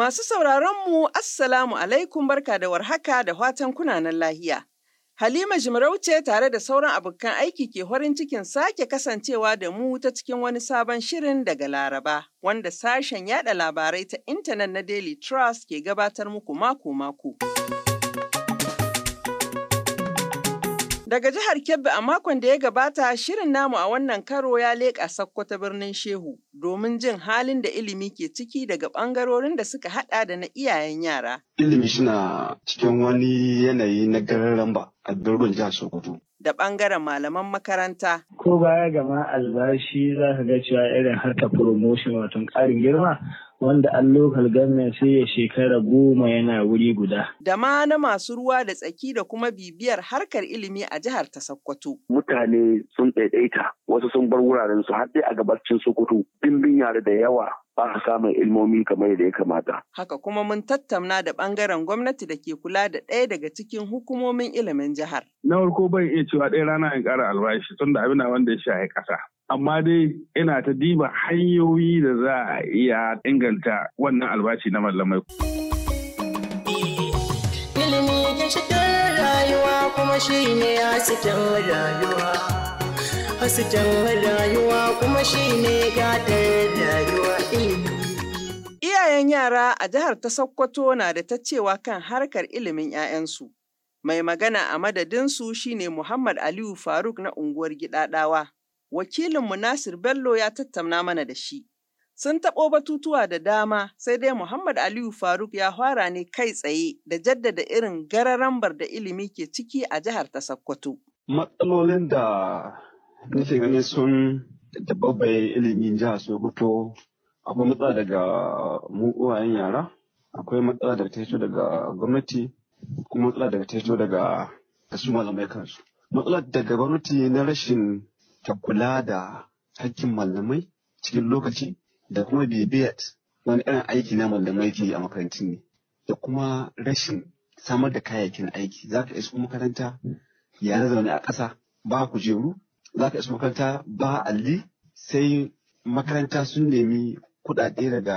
Masu sauraronmu, Assalamu alaikum barka da warhaka da watan kunanan lahiya. Halima Jimarauce tare da sauran abokan aiki ke horin cikin sake kasancewa da mu ta cikin wani sabon shirin daga Laraba, wanda sashen yada labarai ta intanet na Daily Trust ke gabatar muku mako-mako. Daga jihar Kebbi a makon da ya gabata shirin namu a wannan karo ya leƙa ta birnin Shehu domin jin halin da ilimi ke ciki daga ɓangarorin da suka haɗa da na iyayen yara. Ilimi suna cikin wani yanayi na gararan ba a birnin jihar Sokoto. Da ɓangaren malaman makaranta. Ko baya gama albashi za ka ga cewa irin harka promotion wato ƙarin girma wanda an local government sai ya shekara goma yana wuri guda. Da ma na masu ruwa da tsaki da kuma bibiyar harkar ilimi a jihar ta Sokoto. Mutane sun ɗaiɗaita wasu sun bar wuraren su dai a gabacin Sokoto bimbin yare da yawa ba samun ilmomi kamar da ya kamata. Haka kuma mun tattauna da ɓangaren gwamnati da ke kula da ɗaya daga cikin hukumomin ilimin jihar. Na farko ban iya cewa ɗaya rana in ƙara albashi tunda abin wanda ya a ƙasa. amma dai ina ta diba hanyoyi da za a iya inganta wannan albashi na mallamai. Ilimi rayuwa kuma shi ne hasken rayuwa. Hasken rayuwa kuma shi ne gadar rayuwa Iyayen yara a jihar ta Sokoto na da ta cewa kan harkar ilimin 'ya'yansu. Mai magana a madadinsu shine Muhammad Aliyu Faruk na unguwar Gidaɗawa. wakilinmu Nasir Bello ya tattauna mana da shi. Sun taɓo batutuwa da dama sai dai Muhammad Aliyu Faruk ya fara ne kai tsaye da jaddada irin gararambar da ilimi ke ciki a jihar ta Sokoto. Matsalolin da nake ganin sun dababbai ilimin jihar Sokoto akwai matsala daga mu uwayen yara, akwai matsala daga ta daga gwamnati, kuma matsala daga taito daga kasu malamai kansu. Matsala daga gwamnati na rashin ta kula da hakkin malamai cikin lokaci da kuma bibiyat wani irin aiki na malamai ke yi a makarantun ne da kuma rashin samar da kayayyakin aiki za ka iso makaranta na zaune a ƙasa ba kujeru za ka iso makaranta ba alli sai makaranta sun nemi kuɗaɗe daga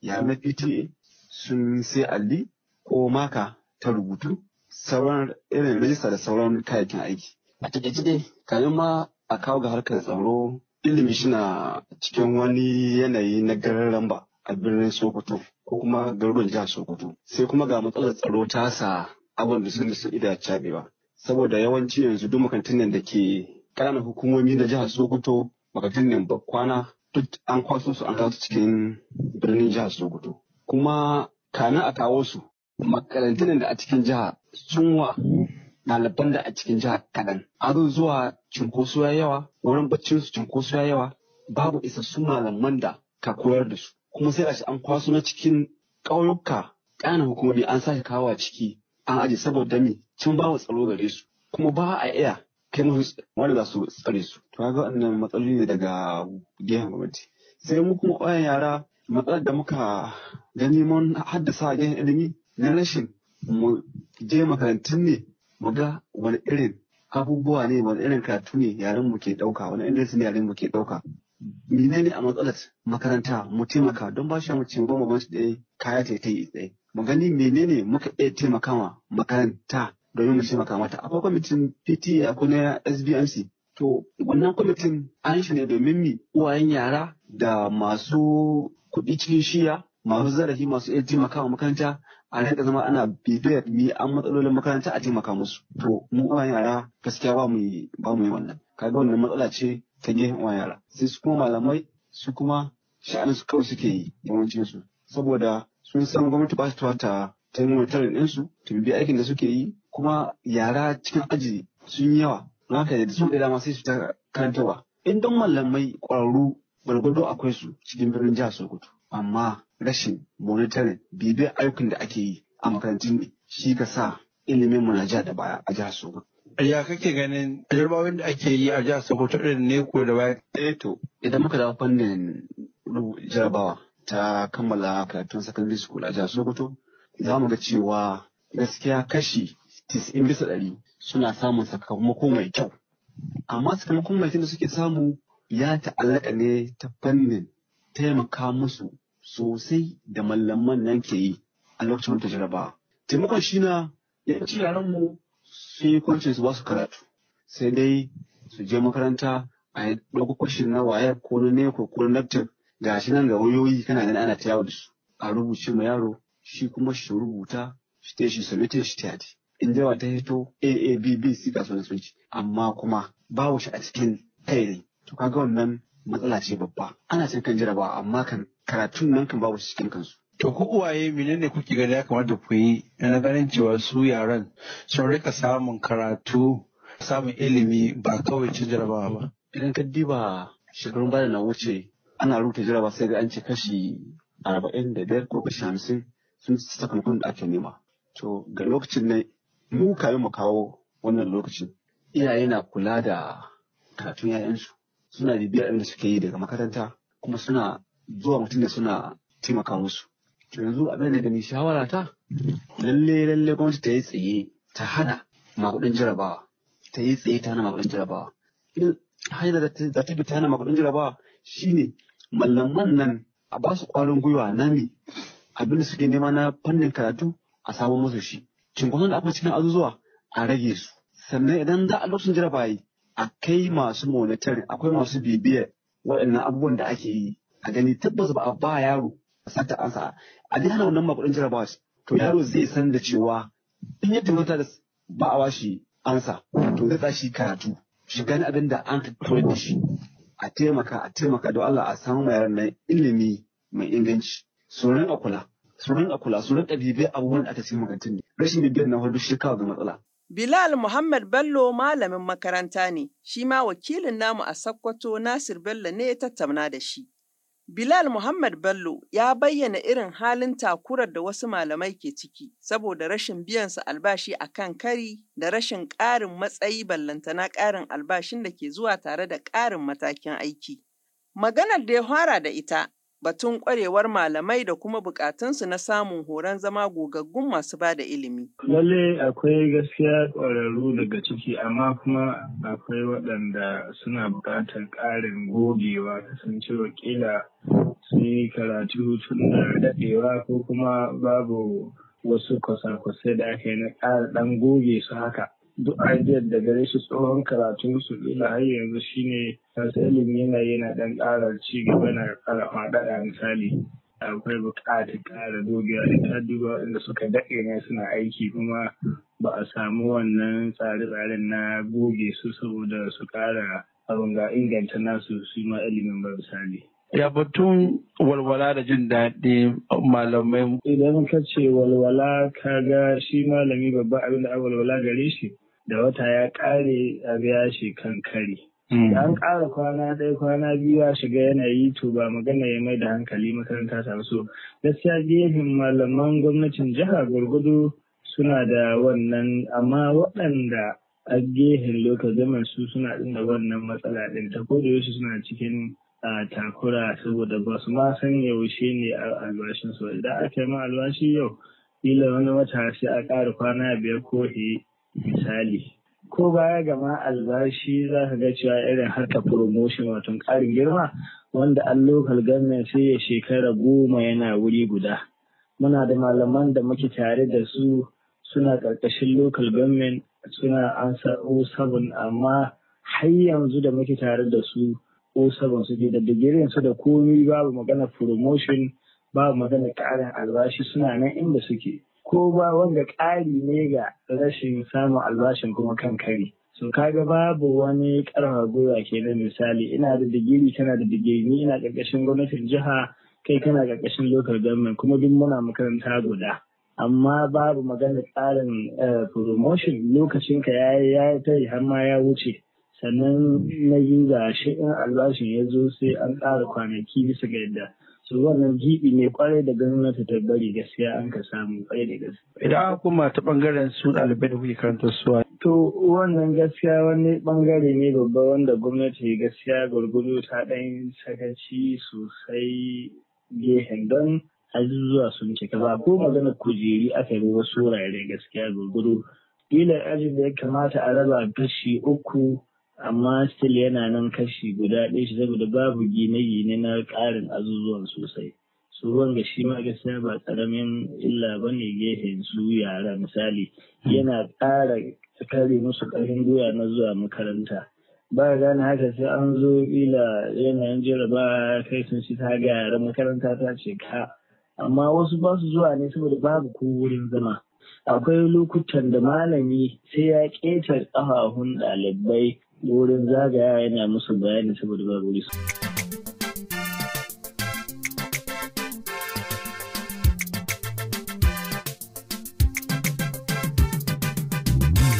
yare na pta sun sai alli ko maka ta rubutu sauran irin rajista da sauran kayayyakin aiki a takaice dai kamar ma a kawo ga harkar tsaro ilimi shina cikin wani yanayi na garin ba a birnin Sokoto ko kuma garuruwan jihar Sokoto sai kuma ga matsalar tsaro ta sa abin da sun su ida cabewa saboda yawanci yanzu duk makantinan da ke ƙananan hukumomi na jihar Sokoto makantinan bakwana duk an kwaso su an kawo su cikin birnin jihar Sokoto kuma kana a kawo su makarantunan da a cikin jiha sun wa ɗaliban da a cikin jihar kaɗan. An zuwa cinkoso ya yawa, wurin baccin su cinkoso ya yawa, babu isassun malaman da ka koyar da su. Kuma sai a shi an kwaso na cikin ƙauyuka ƙananan hukumomi an sake kawo a ciki an aje saboda me tun babu tsaro gare su. Kuma ba a iya kai mu wanda za su tsare su. To ga wannan matsaloli ne daga gehen gwamnati. Sai mu kuma ƙwayan yara matsalar da muka gani mun haddasa a gehen ilimi na rashin mu je makarantun ne mu ga wani irin abubuwa ne wani irin karatu ne yaren mu ke ɗauka wani irin ne yaren mu ke ɗauka menene a matsalar makaranta mu taimaka don ba shi mu ci goma da ɗaya kaya ta yi tsaye mu gani menene muka iya taimakawa makaranta domin mu taimaka mata akwai kwamitin PTA ko na SBMC to wannan kwamitin an shi ne domin mi uwayen yara da masu kuɗi cikin shiya masu zarafi masu iya taimakawa makaranta a rinka zama ana bibiyar ni an matsalolin makaranta a taimaka musu to mu uwa yara gaskiya ba mu yi wannan kaga wannan matsala ce ta gefen uwa yara sai su kuma malamai su kuma sha'anin su kawai suke yi yawancin su saboda sun san gwamnati ba su ta ta yi monitoring ɗinsu ta bibiyar aikin da suke yi kuma yara cikin aji sun yawa Na haka da su da dama sai su ta karantarwa in don malamai ƙwararru gwargwado akwai su cikin birnin jihar Sokoto amma rashin monitorin bibiyar aikin da ake yi a makarantun shi ka sa ilimin mu na ja da baya a jihar Sokoto. Ya kake ganin jarabawan da ake yi a jihar Sokoto irin ne ko da baya? Eh idan muka dawo fannin jarabawa ta kammala karatun secondary school a jihar Sokoto za mu ga cewa gaskiya kashi 90 bisa ɗari suna samun sakamako mai kyau. Amma sakamakon mai da suke samu ya ta'allaka ne ta fannin taimaka musu sosai da mallaman nan ke yi a lokacin wata jaraba. Taimakon shi na yanci yaran mu sun yi kwancin su ba su karatu sai dai su je makaranta a yi ɗauko kwashin na wayar ko na neko ko na naptin ga shi nan ga wayoyi kana ganin ana tayawa da su a rubuce ma yaro shi kuma shi rubuta shi ta shi submitin shi ta in jawa ta hito AABBC ga sunan sunci amma kuma babu shi a cikin kai to kaga wannan matsala ce babba ana cin kan jaraba amma kan karatun nan kan babu cikin kansu to ko uwaye menene kuke gani ya kamata ku yi na ganin cewa su yaran sun rika samun karatu samun ilimi ba kawai cin jarabawa ba idan ka diba shekarun bada na wuce ana rubuta jaraba sai ga an ce kashi arba'in da biyar ko kashi hamsin sun sakamakon da ake nema to ga lokacin ne mu mu kawo wannan lokacin iyaye na kula da karatun 'ya'yansu suna bibiyar abin da suke yi daga makaranta kuma suna zuwa mutum da suna taimaka musu yanzu abin da gani shawara ta lalle lalle gwamnati ta yi tsaye ta hana makudin jarabawa ta yi tsaye ta hana makudin jarabawa idan hanyar da ta bi ta hana makudin jarabawa shine mallaman nan a ba su kwarin gwiwa na abin da suke nema na fannin karatu a samu musu shi cinkoson da aka cikin azuzuwa a rage su sannan idan za a lokacin jarabawa kai masu monitoring akwai masu bibiyar waɗannan abubuwan da ake yi a gani tabbas ba a ba yaro sata ansa a dai hana wannan makudin jarabawa to yaro zai san da cewa in ya tabbata da ba a washi ansa to zai tsashi karatu shi gani abin da an tattauna da shi a taimaka a taimaka don Allah a samu ma yaran ilimi mai inganci sunan a kula sunan a kula sunan bibiyar abubuwan da aka sai magantin ne rashin bibiyar na hudu shi kawo ga matsala Bilal Muhammad Bello malamin makaranta ne, shi ma wakilin namu a Sakkwato Nasir Bello ne ya tattauna da shi. Bilal Muhammad Bello ya bayyana irin halin takurar da wasu malamai ke ciki saboda rashin biyansa albashi a kan kari da rashin ƙarin matsayi ballantana ƙarin albashin da ke zuwa tare da ƙarin matakin aiki. Maganar da ya fara da ita batun kwarewar malamai da kuma bukatunsu na samun horon zama gogaggun masu ba da ilimi. Lalle akwai gaskiya kwararru daga ciki amma kuma akwai waɗanda suna buƙatar ƙarin gogewa kasancewa kila sun yi karatu tun da daɗewa ko kuma babu wasu kwasa-kwasai da aka yi na ƙara ɗan goge su haka. duk ajiyar da gare shi tsohon karatun su ila har yanzu shine masu ilimi yana yana dan ƙara ci gaba na ƙara faɗaɗa misali akwai buƙatar ƙara dogewa ita duba waɗanda suka daɗe ne suna aiki kuma ba a samu wannan tsare-tsaren na goge su saboda su ƙara abin ga inganta nasu su ma ilimin ba misali. Ya batun walwala da jin daɗi malamai. Idan ka ce walwala ka ga shi malami babba abin da walwala gare shi da wata ya ƙare a biya shi kan kari. Hmm. an ƙara kwana ɗaya kwana biyu ya shiga yanayi to ba magana ya mai da hankali makaranta ta so gaskiya gefen malaman gwamnatin jiha gwargwado suna da wannan amma waɗanda a gehen lokacin su suna ɗin da wannan matsala ɗin ta ko da yaushe suna cikin takura saboda ba su ma san yaushe ne a albashin su idan aka yi ma albashi yau kila wani wata sai a ƙara kwana biyar ko misali ko baya gama albashi za ka ga cewa irin harka promotion wato ƙarin girma wanda an local government sai ya shekara goma yana wuri guda muna da malaman da muke tare da su suna ƙarƙashin local government suna an sabon amma har yanzu da muke tare da su o sabon su da digirin su da komi babu magana promotion babu magana ƙarin albashi suna nan inda suke ko ba wanga ƙari ne ga rashin samun albashin kuma kan kari. So kaga babu wani ƙarfa gwiwa ke da misali ina da digiri tana da digiri ni ina ƙarƙashin gwamnatin jiha kai kana ƙarƙashin local government kuma duk muna makaranta guda. Amma babu magana tsarin eh, promotion lokacin ka ya yi ta yi har ma ya wuce. Sannan na yi shi in albashin ya zo sai an ƙara kwanaki bisa ga yadda. su wannan jibi ne kwarai da gwamnati ta bari gaskiya an ka samu kwarai da gaskiya. Idan aka kuma ta bangaren su ɗalibai da kuke karanta suwa. To wannan gaskiya wani bangare ne babba wanda gwamnati gaskiya gwargwado ta ɗan sakaci sosai gehen don azuzuwa sun cika ba ko magana kujeri aka yi wasu wurare gaskiya gurguru Kila ajin da ya kamata a raba kashi uku amma still yana nan kashi guda ɗaya shi saboda babu gine-gine na ƙarin azuzuwan sosai su ruwan ga shi ma gaskiya ba ƙaramin illa ba ne gefen su yara misali yana ƙara kare musu ƙarfin gwiwa na zuwa makaranta ba gane haka sai an zo ila yanayin jaraba kai sun ci ta ga yara makaranta ta ce ka amma wasu ba su zuwa ne saboda babu ko wurin zama akwai lokutan da malami sai ya ƙetar ƙafafun ɗalibai wurin zagaya yana musu bayani saboda ba wuri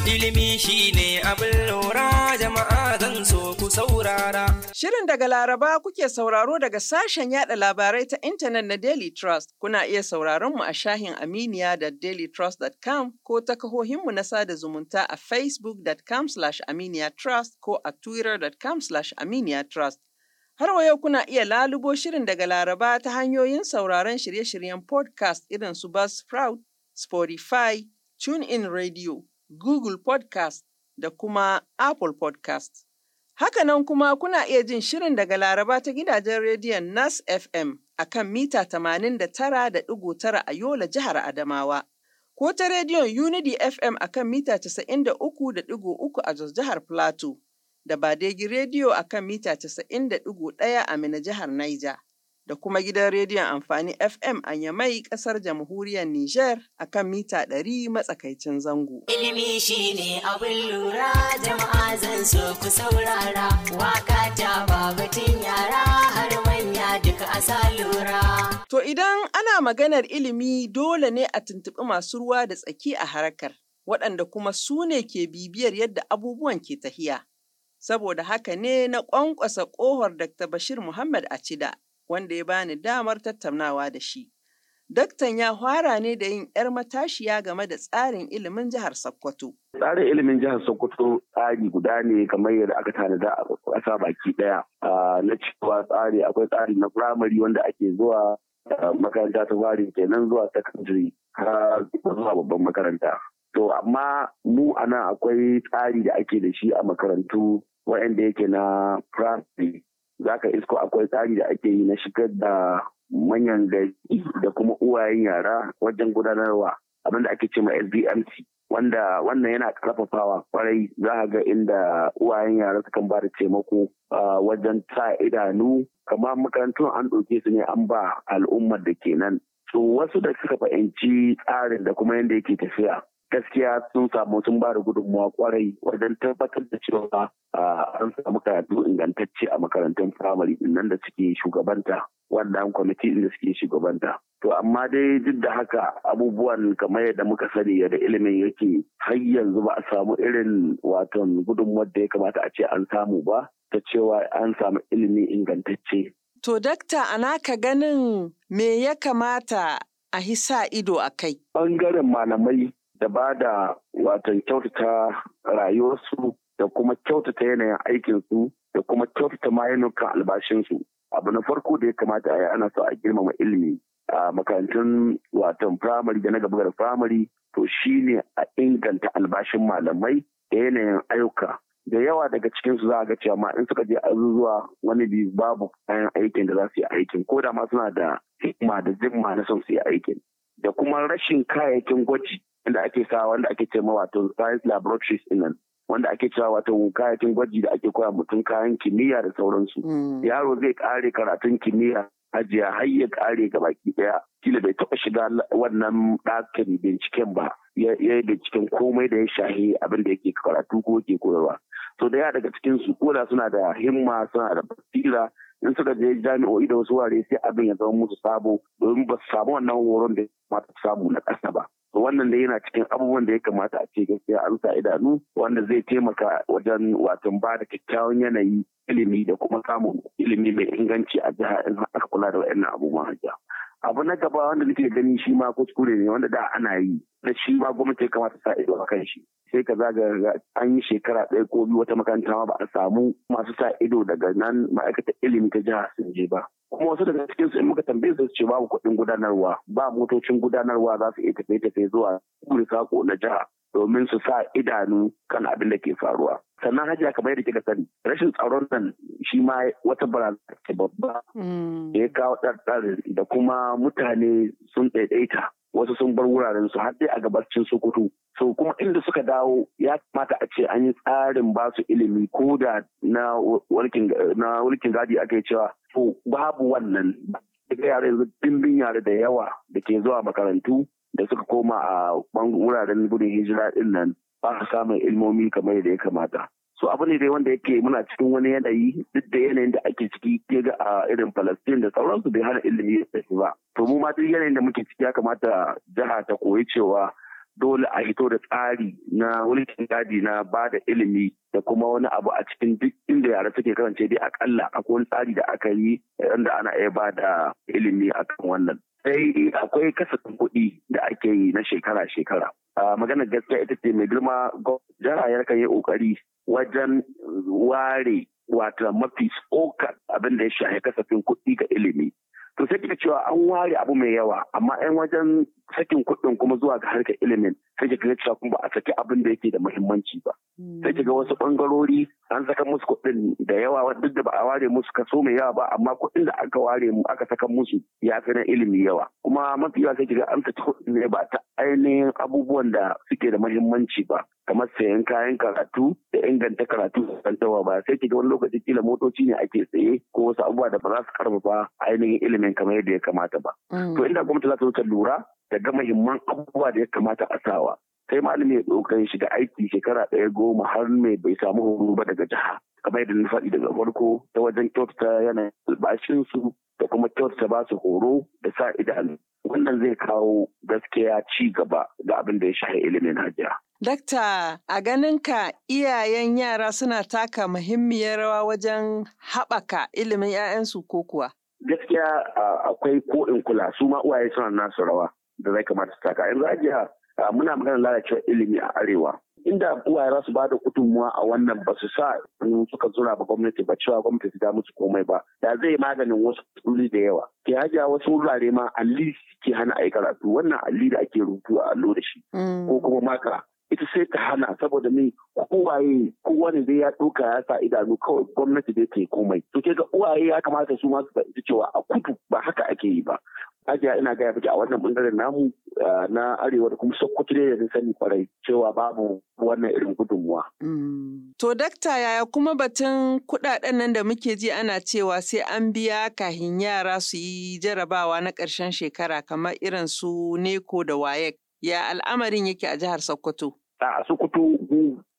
ilimi shi ne abin lura jama'a zan so ku saurara Shirin daga Laraba kuke sauraro daga sashen yada labarai ta intanet na Daily Trust. Kuna iya sauraron mu a shahin Aminiya da dailytrust.com ko ta kahohinmu na sada zumunta a facebook.com slash trust ko a twitter.com slash aminiya-trust Har wa yau kuna iya lalubo shirin daga Laraba ta hanyoyin sauraron shirye-shiryen podcast irin su Buzzsprout, Spotify, TuneIn Radio, Google Podcast da kuma Apple Podcast. Hakanan kuma kuna iya jin shirin daga Laraba ta gidajen rediyon Nas FM a kan mita 89.9 a Yola jihar Adamawa, ko ta rediyon Unity FM a kan mita 93.3 a Jos jihar Plateau, da Badegi rediyo a kan mita 90.1 a Mina jihar Niger. da kuma gidan rediyon amfani FM a Yamai ƙasar jamhuriyar Nijar a kan mita ɗari matsakaicin zango. Ilimi shi ne abin lura jama'a zan so ku saurara waka ta babatin yara har manya duka a lura. To idan ana maganar ilimi dole ne a tuntuɓi masu ruwa da tsaki a harkar waɗanda kuma su ne ke bibiyar yadda abubuwan ke tahiya. Saboda haka ne na ƙwanƙwasa ƙohar Dr. Bashir Muhammad cida. wanda ya bani damar tattaunawa da shi. Daktan ya fara ne da yin 'yar matashiya game da tsarin ilimin jihar Sokoto. Tsarin ilimin jihar Sokoto tsari guda ne kamar yadda aka tanada a ƙasa baki ɗaya. Ah, na cewa tsari akwai tsari na firamare wanda ake zuwa ah, makaranta ta fari kenan zuwa secondary har zuwa babban makaranta. To amma mu anan akwai tsari da ake da shi a makarantu waɗanda yake na primary za ka isko akwai tsari da ake yi na shigar da manyan gari da kuma uwayen yara wajen gudanarwa abinda ake ce ma sdmt wanda wannan yana karfafawa kwarai za a ga inda uwayen yara sukan ba da taimako wajen sa idanu kamar makarantun an ɗauke su ne an ba al'ummar da ke nan. wasu da suka fahimci tsarin da kuma yadda yake tafiya gaskiya sun samu sun ba da gudunmuwa kwarai wajen tabbatar da cewa an samu karatu ingantacce a makarantun firamare nan da suke shugabanta wannan kwamiti da suke shugabanta. To amma dai duk da haka abubuwan kamar yadda muka sani yadda ilimin yake har yanzu ba a samu irin waton gudunmuwar da ya kamata a ce an samu ba ta cewa an samu ilimi ingantacce. To dakta anaka ganin me ya kamata a hisa ido a kai? Bangaren malamai da ba da watan kyautata rayuwarsu da kuma kyautata yanayin aikinsu da kuma kyautata ma albashin albashinsu abu na farko da ya kamata a yi ana so a girmama ilimi a makarantun watan firamare da na gaba da firamare to shine a inganta albashin malamai da yanayin ayyuka da yawa daga cikinsu za a ga cewa ma in suka je azuzuwa wani biyu babu kayan aikin da za su yi aikin ko da ma suna da hikima da zimma na son su yi aikin da kuma rashin kayayyakin gwaji inda ake sa wanda ake ce ma wato science laboratories in nan wanda ake cewa wato kayan gwaji da ake koya mutum kayan kimiyya da sauransu. Mm. Yaro zai kare karatun kimiyya ajiya har ya kare ga baki daya kila bai taɓa shiga wannan ɗakin binciken ba ya yi binciken komai da ya shahi abin da yake karatu ko yake koyarwa. to da daga cikin su koda suna da himma suna da basira in suka je jami'o'i da wasu wurare sai abin ya zama musu sabo domin ba su samu wannan horon da mata samu na ƙasa ba. wannan da yana cikin abubuwan da ya kamata a ce gaskiya an sa idanu wanda zai taimaka wajen watan ba da kyakkyawan yanayi ilimi da kuma samun ilimi mai inganci a jiha in aka kula da wa'annan abubuwan hajiya abu na gaba wanda nake gani shi ma kuskure ne wanda da ana yi da shi ma gwamnati ya kamata sa ido a kan shi sai ka zaga an yi shekara ɗaya ko biyu wata makaranta ma ba a samu masu sa ido daga nan ma'aikatar ilimi ta jiha sun je ba kuma wasu daga cikin su in muka tambaye su ce babu kuɗin gudanarwa ba motocin gudanarwa za su iya tafiye-tafiye zuwa kuri sako na jiha domin su sa idanu kan abin da ke faruwa. Sannan hajiya kamar yadda kika sani rashin tsaron nan shi ma wata barazana ce babba hmm. da ya kawo ɗarɗarin da kuma mutane sun ɗaiɗaita wasu sun bar wuraren su haɗe a gabacin sokoto so kuma inda suka dawo ya kamata a ce an yi tsarin ba su ilimi ko da na wulkin gadi ake cewa to babu wannan daga yare yanzu dimbin yare da yawa da ke zuwa makarantu da suka koma a wuraren gudun hijira din nan ba su samun ilmomi kamar da ya kamata so abu ne dai wanda yake muna cikin wani yanayi duk da yanayin da ake ciki ke ga a irin Palestine da sauransu bai hana ilimi ya tafi ba to mu ma duk yanayin da muke ciki ya kamata jiha ta koyi cewa dole a hito da tsari na wulikin gadi na ba da ilimi da kuma wani abu a cikin duk inda yara suke karance dai akalla akwai wani tsari da aka yi wanda ana iya ba da ilimi akan wannan sai akwai kasafin kuɗi da ake yi na shekara-shekara ah, magana gaskiya ita ce mai girma jarayar ka yi ƙoƙari wajen ware wata mafi tsokar abin da ya shafi kasafin kuɗi ga ilimi. To sai kika cewa an ware abu mai yawa amma 'yan wajen sakin kuɗin kuma zuwa ga harkar ilimin sai ki ga cewa kuma ba a saki abin da yake da muhimmanci ba hmm. sai ki ga wasu bangarori an saka musu kuɗin da yawa duk da ba a ware musu kaso mai yawa ba amma kuɗin da aka ware mu aka saka musu ya fi na ilimi yawa kuma mafi yawa sai ki ga an saki kuɗin ne ba ta ainihin abubuwan da suke da muhimmanci ba kamar sayan kayan karatu da inganta karatu da dawa ba sai ki ga wani lokaci kila motoci ne ake tsaye, ko wasu abubuwa da ba za su karfafa ainihin ilimin kamar yadda ya kamata ba hmm. to inda gwamnati za ta lura Daga mahimman abubuwa da ya kamata a sawa sai malami ya ɗaukan shi da aiki shekara ɗaya goma har mai bai samu horo ba daga jiha kamar yadda na faɗi daga farko ta wajen kyautata yana albashinsu da kuma kyautata ba su horo da sa idanu wannan zai kawo gaskiya ci gaba ga abin da ya shahi ilimin hajiya. Dakta, a ganinka iyayen yara suna taka muhimmiyar rawa wajen haɓaka ilimin 'ya'yansu ko kuwa? Gaskiya akwai ko in kula su ma uwaye suna nasu rawa. da zai kamata su taka yanzu ajiya muna magana lalacewa ilimi a arewa inda uwaye za su ba da gudunmuwa a wannan ba su sa suka zura ba gwamnati ba cewa gwamnati ta musu komai ba da zai maganin wasu tsuri da yawa ke hajiya wasu wurare ma alli ke hana a yi karatu wannan alli da ake rubutu a allo da shi mm. ko kuma maka ita sai ta hana saboda me kowaye kowane zai ya ɗauka ya sa idanu kawai gwamnati zai ta yi komai to ke ga uwaye ya kamata su ma su fahimci cewa a kudu ba haka ake yi ba ajiya ina gaya miki a wannan bangaren namu na arewa da kuma sokoto ne da sani kwarai cewa babu wannan irin gudunmuwa. Mm. To dakta yaya kuma batun kuɗaɗen nan da muke ji ana cewa sai an biya kahin yara su yi jarabawa na karshen shekara kamar irin su neko da wayek ya al'amarin yake a jihar Sokoto. a sokoto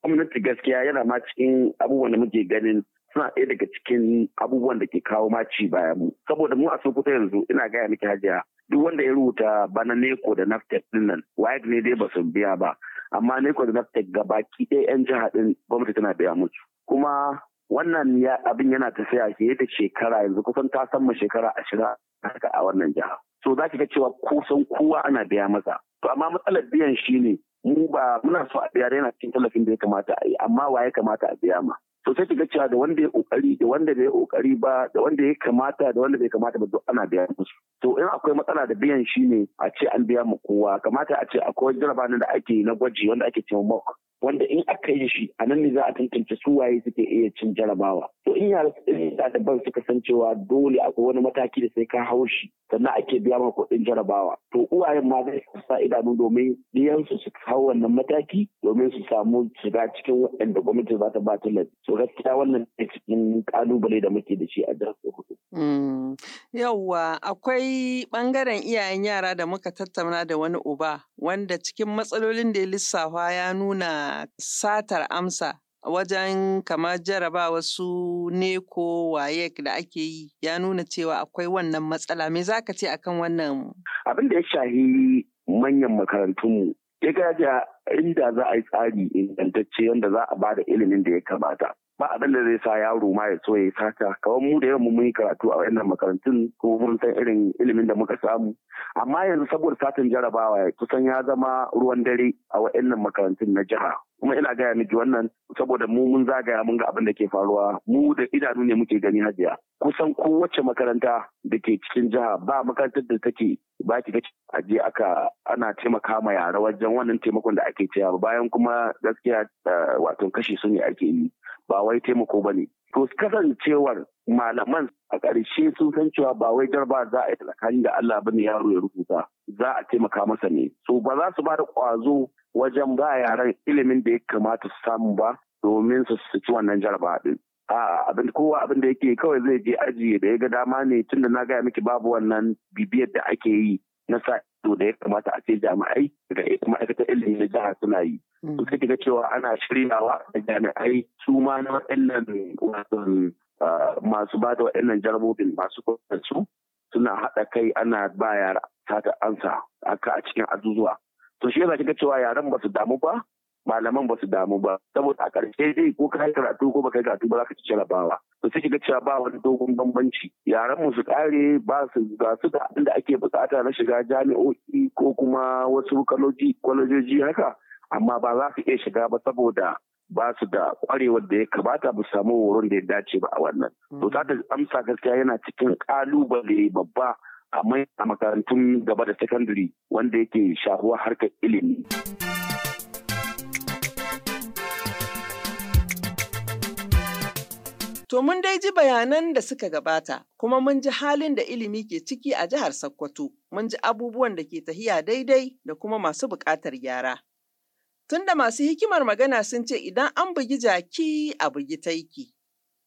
gwamnati gaskiya yana ma cikin abubuwan da muke ganin suna ɗaya daga cikin abubuwan da ke kawo maci baya mu saboda mu a sokoto yanzu ina gaya miki hajiya duk wanda ya rubuta bana neko da naftek din nan wayek ne dai ba su biya ba amma neko da naftek ga baki ɗaya yan jiha ɗin gwamnati tana biya musu kuma wannan abin yana tafiya ke da shekara yanzu kusan ta ma shekara ashirin haka a wannan jiha so za ki ga cewa kusan kowa ana biya masa to amma matsalar biyan shine mu ba muna so a biya yana cikin tallafin da ya kamata a yi amma wa ya kamata a biya ma to sai kiga cewa da wanda ya kokari da wanda bai kokari ba da wanda ya kamata da wanda bai kamata ba duk ana biya musu to in akwai matsala da biyan shi ne a ce an biya mu kowa kamata a ce akwai jarabanin da ake na gwaji wanda ake cewa mock wanda in aka yi shi a nan ne za a tantance su waye suke iya cin jarabawa to in yara ɗaliban suka san cewa dole akwai wani mataki da sai ka hau shi sannan ake biya ma kuɗin jarabawa to uwayen ma zai sa idanu domin biyansu su hau wannan mataki domin su samu shiga cikin waɗanda gwamnati za ta ba lafi so gaskiya wannan ne cikin ƙalubale da muke da shi a jihar Sokoto. Hmm. yawwa akwai ɓangaren iyayen yara da muka tattauna da wani uba wanda cikin matsalolin da ya lissafa ya nuna satar amsa wajen kamar jarabawar wasu neko wayek da ake yi ya nuna cewa akwai wannan matsala me za ka ce akan wannan abin da ya shahi manyan makarantunmu ya gaja inda za a yi tsari ingantacce yadda za a ba da ilimin da ya kamata ba abin da zai sa yaro ma ya so ya yi sata kawai mu da yawan mun yi karatu a wannan makarantun ko mun san irin ilimin da muka samu amma yanzu saboda satin jarabawa kusan ya zama ruwan dare a wa'annan makarantun na jiha kuma ina gaya miki wannan saboda mu mun zagaya mun ga abin da ke faruwa mu da idanu ne muke gani hajiya kusan kowace makaranta da ke cikin jiha ba makarantar da take ba ki gaci aje aka ana taimaka ma yara wajen wannan taimakon da ake cewa bayan kuma gaskiya eh, wato kashi sun yi ake yi ba wai taimako ba ne. To kasancewar malaman a ƙarshe sun san cewa ba wai jarba za a yi tsakani da Allah ba ne yaro ya rubuta za a taimaka masa ne. So ba za su ba da ƙwazo wajen ba yaran ilimin da ya kamata su samu ba domin su ci wannan jarba din. A'a abin kowa abin da yake kawai zai je aji da ya ga dama ne tunda na gaya miki babu wannan bibiyar da ake yi na sa ido da ya kamata a ce jami'ai daga ma'aikatar ilimin na jiha suna yi. to sai ga cewa ana shiryawa da jami'ai su ma na waɗannan wasan ah, masu ba da waɗannan jarabobin masu su suna haɗa kai ana ba yara ta ansa a cikin azuzuwa to shi yasa kika cewa yaran ba su damu ba malaman ba su damu ba saboda a ƙarshe dai ko kai karatu ko baka karatu ba za ka ci jarabawa to sai cewa ba wani dogon bambanci yaran mu su kare ba su ga su da abin da ake bukata na shiga jami'o'i ko kuma wasu kwalojoji haka amma ba za su iya shiga ba saboda ba su da kwarewar da ya kamata ba samu wurin da ya dace ba a wannan. To ta amsa gaskiya yana cikin kalubale babba a makarantun gaba da sakandare wanda yake shahuwa harkar ilimi. To mun dai ji bayanan da suka gabata, kuma mun ji halin da ilimi ke ciki a jihar Sokoto, mun ji abubuwan da ke tahiya daidai da kuma masu buƙatar gyara. da masu hikimar magana sun ce idan an bugi jaki a bugi taiki.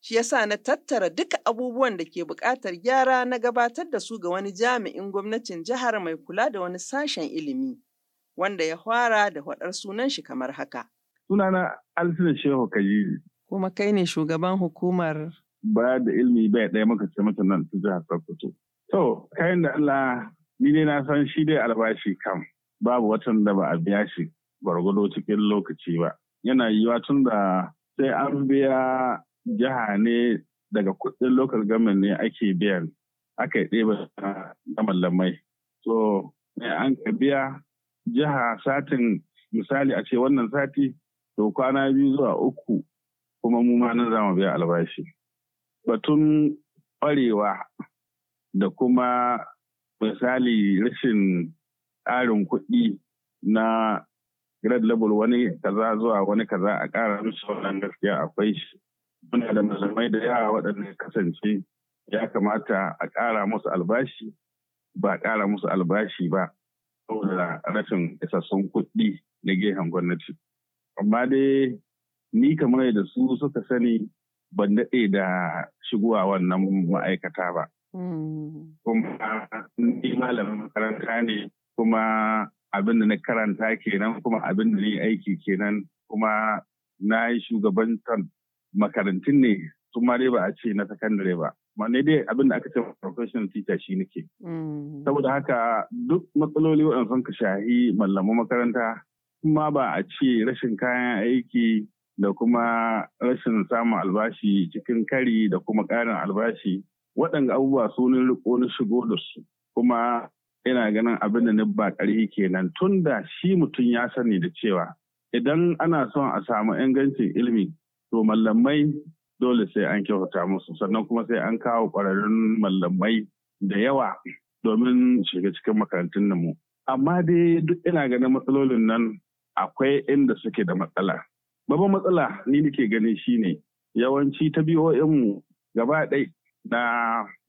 Shi yasa na tattara duka abubuwan da ke buƙatar gyara na gabatar da su ga wani jami'in gwamnatin jihar mai kula da wani sashen ilimi, wanda ya fara da faɗar sunan shi kamar haka. Sunana Alfin Shehu Kajiri. Kuma kai ne shugaban hukumar. Ba da ilimi bai ɗaya muka ce mata nan ta jihar Sokoto. To, kayan da Allah ni ne na san shi dai albashi kam babu watan da ba a biya shi gwargwado cikin lokaci ba. Yana yiwa tun da sai an biya jiha ne daga kudin lokal government ne ake biyan aka yi ɗeba na mallamai. So, ne an ka biya jiha satin misali a ce wannan sati to kwana biyu zuwa uku kuma mu ma na zama biya albashi. Batun ƙwarewa da kuma misali rashin tsarin kuɗi na grade level wani kaza zuwa wani kaza a ƙara musu wannan gaskiya akwai shi muna da malamai da yawa waɗanda kasance ya kamata a ƙara musu albashi ba a ƙara musu albashi ba saboda rashin isassun kuɗi na gehen gwamnati amma dai ni kamar da su suka sani ban daɗe da shigowa wannan ma'aikata ba hmm. kuma ni malamin makaranta ne kuma abin da na karanta kenan kuma abin da ni aiki kenan kuma na yi shugabantar makarantun ne tun dai ba a ce na sakandare ba ma ne dai abin da aka ce professional teacher shi nake mm. saboda haka duk matsaloli waɗanda sun ka shahi mallamu makaranta kuma ba a ce rashin kayan aiki da kuma rashin samun albashi cikin kari da kuma ƙarin albashi waɗanda abubuwa su ne riko na shigo da su kuma ina ganin abin da ni ba ƙarfi kenan tun da shi mutum ya sani da cewa idan ana son a samu ingancin ilimi to mallamai dole sai an kyauta musu sannan kuma sai an kawo ƙwararrun mallamai da yawa domin shiga cikin makarantun mu amma dai duk ina ganin matsalolin nan akwai inda suke da matsala babban matsala ni nake gani shine yawanci ta mu gaba ɗaya. na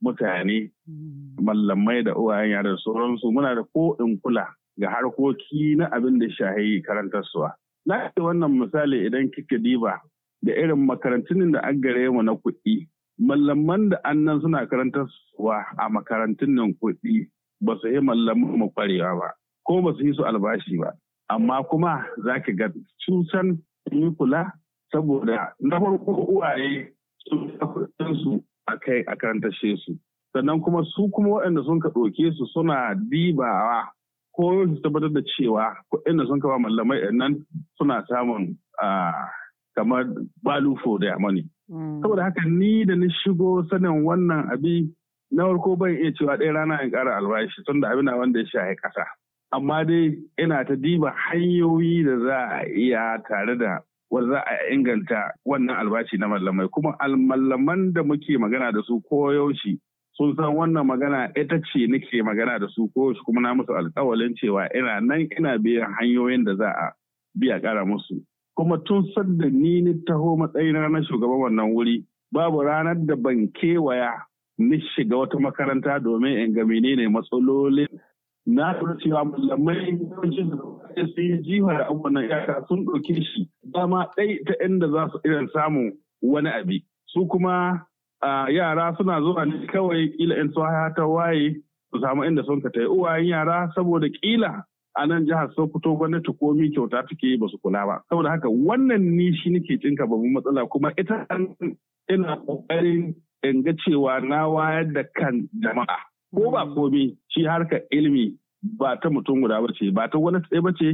mutane mm. mallamai da uwayen yara da sauransu muna da ko in kula ga harkoki na abin da shahayi karantarsuwa. Na ce wannan misali idan kika diba da irin makarantun da an gare mu na kuɗi, mallaman da annan suna karantar karantarsuwa a makarantun nan kuɗi ba su yi mallaman mu kwarewa ba, ko ba su yi su albashi ba. Amma kuma za ki ga cusan yi kula saboda na farko uwaye sun su a kai a su sannan kuma su kuma waɗanda sun ka ɗauke su suna dibawa ko su tabbatar da cewa kuɗin da sun ka ba mallamai nan suna samun kamar balufo da yamani. Saboda haka ni da ni shigo sanin wannan abi na farko ban iya cewa ɗaya rana in kara albashi tun da abin wanda ya shahi ƙasa. Amma dai ina ta diba hanyoyi da za a iya tare da wanda za a inganta wannan albashi na mallamai kuma almallaman da muke magana da su koyaushe sun san wannan magana ita ce nake magana da su koyaushe kuma na musu alkawalin cewa ina nan ina biyan hanyoyin da za a biya kara musu kuma tun sanda ni ni taho matsayina na shugaban wannan wuri babu ranar da ban kewaya ni shiga wata makaranta domin in ga menene matsalolin na lura cewa malamai yawancin da ya yi jiwa da abubuwan 'yaka, sun ɗauke shi dama ɗai ta inda za su irin samun wani abi su kuma yara suna zuwa ne kawai ila in su ta waye su samu inda sun ka tayi uwayen yara saboda kila a nan jihar Sokoto gwamnati komi kyauta take ba su kula ba saboda haka wannan ni shi nake cinka babban matsala kuma ita ina kokarin in ga cewa na wayar da kan jama'a ko ba komai shi harkar ilimi ba ta mutum guda ba ba ta wani tsaye ba ce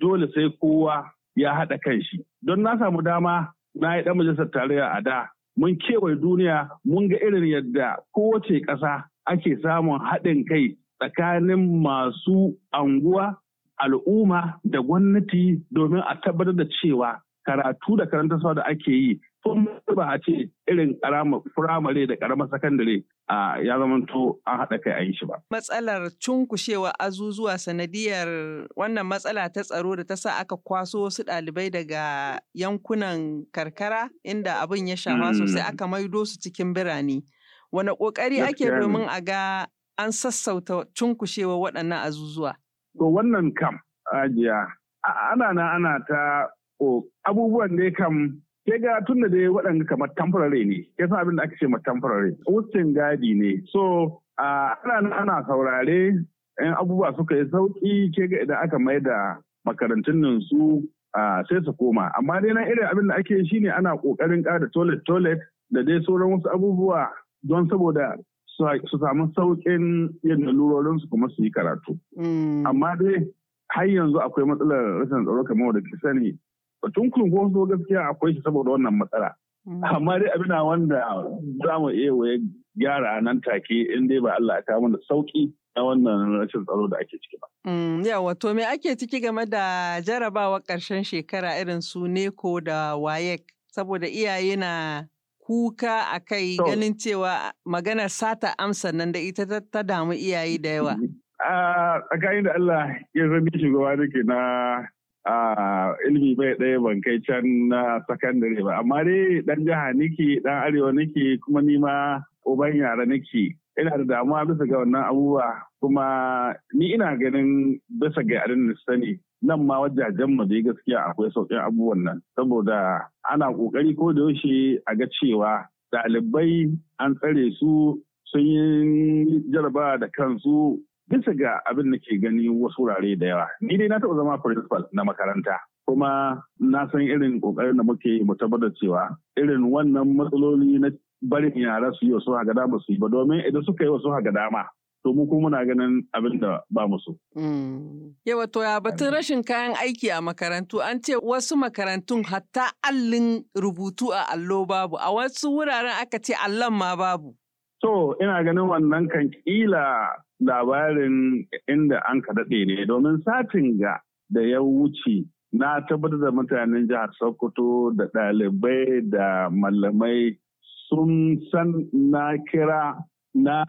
dole sai kowa ya haɗa kan shi don na samu dama na yi ɗan majalisar tarayya a da mun kewaye duniya mun ga irin yadda kowace ƙasa ake samun haɗin kai tsakanin masu anguwa al'umma da gwamnati domin a tabbatar da cewa karatu da karanta da ake yi kun ba a ce irin karama firamare da karamar sakandare a ya zamanto an haɗa kai a yi shi ba. Matsalar cunkushewa azuzuwa sanadiyar wannan matsala ta tsaro da ta sa aka kwaso wasu ɗalibai daga yankunan karkara inda abin ya shafa mm. sosai aka maido su cikin birane. Wane ƙoƙari ake domin a ga an sassauta cunkushewa waɗannan azuzuwa? To wannan kam, ajiya, ana na ana ta abubuwan dai kam sai ga tun da dai waɗanda kamar temporary ne ya san abin da aka ce ma temporary wucin gadi ne so ana ana saurare in abubuwa suka yi sauki ke ga idan aka mai da makarantun nan su sai su koma amma dai na irin abin da ake shine ana kokarin ƙara toilet toilet da dai sauran wasu abubuwa don saboda su samu sauƙin yin lalurorin su kuma su yi karatu mm. amma dai har yanzu akwai matsalar rashin tsaro kamar da ke sani tun so gaskiya akwai shi saboda wannan matsala mm. amma dai abin wanda za mu iya waye gyara nan take in dai ba Allah ta mana sauki na wannan rashin tsaro da ake ciki ba. Mm, yawa wato me ake ciki game da jarabawa karshen shekara irin su neko da wayek saboda iyaye na kuka a kai ganin cewa maganar sata amsa nan da ita ta damu iyaye da yawa. Mm-hmm. A ah, tsakanin da Allah ya zama shugaba da na ilimi bai ɗaya ban kai can na sakandare ba amma dai ɗan jiha niki ɗan arewa niki kuma ni ma uban yara niki ina da damuwa bisa ga wannan abubuwa kuma ni ina ganin bisa ga yaran da sani nan ma wajajen mu dai gaskiya akwai sauƙin abubuwan nan saboda ana ƙoƙari ko da yaushe a ga cewa ɗalibai an tsare su sun yi jarabawa da kansu bisa ga abin da ke gani wasu wurare da yawa ni dai na taɓa zama principal na makaranta kuma na san irin ƙoƙarin da muke mu tabbatar cewa irin wannan matsaloli na barin yara su yi wasu haka ba su yi ba domin idan suka yi wasu haka dama to mu kuma muna ganin abin da ba mu so. Mm. Yawa to ya batun rashin kayan aiki a makarantu an ce wasu makarantun hatta allin rubutu a allo babu a wasu wuraren aka ce allon ma babu. To, ina ganin wannan kan kila labarin inda an ka daɗe ne domin satin ga da ya wuce na tabbatar da mutanen jihar Sokoto da ɗalibai da malamai sun san na kira na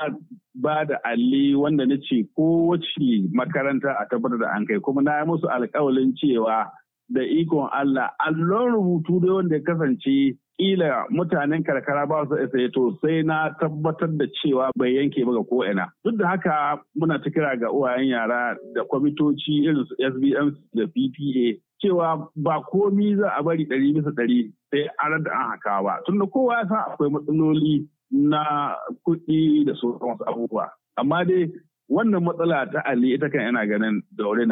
ba da alli wanda na ce kowace makaranta a tabbatar da an kai kuma na yi musu alkawalin cewa da ikon Allah allon rubutu da wanda ya kasance kila mutanen karkara ba su isa to sai na tabbatar da cewa bai yanke ba ga ko'ina. Duk da haka muna ta kira ga uwayen yara da kwamitoci irin su SBM da PPA cewa ba komi za a bari ɗari bisa ɗari sai an da an haka ba. Tunda kowa ya san akwai matsaloli na kuɗi da sauran wasu abubuwa. Amma dai wannan matsala ta Ali ita kan yana ganin daure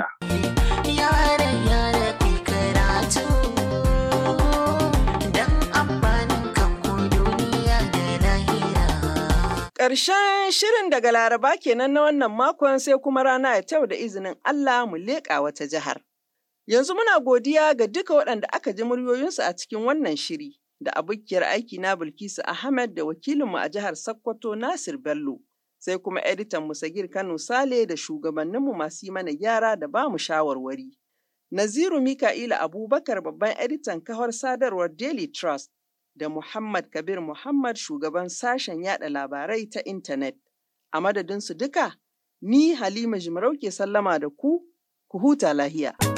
Ƙarshen shirin daga Laraba kenan na wannan makon sai kuma rana ya tau da izinin Allah mu leƙa wata jihar. Yanzu muna godiya ga duka waɗanda aka ji muryoyinsu a cikin wannan shiri da abokiyar aiki na Bilkisu Ahmed da wakilinmu a jihar Sokoto Nasir Bello. Sai kuma editan Musagir Kano Sale da shugabanninmu masu yi mana gyara da ba mu shawarwari. Naziru Mika'ila Abubakar babban editan kawar sadarwar Daily Trust da Muhammad Kabir Muhammad shugaban sashen yada labarai ta intanet. A madadinsu duka, ni Halima Jimarau ke sallama da ku, ku huta lahiya.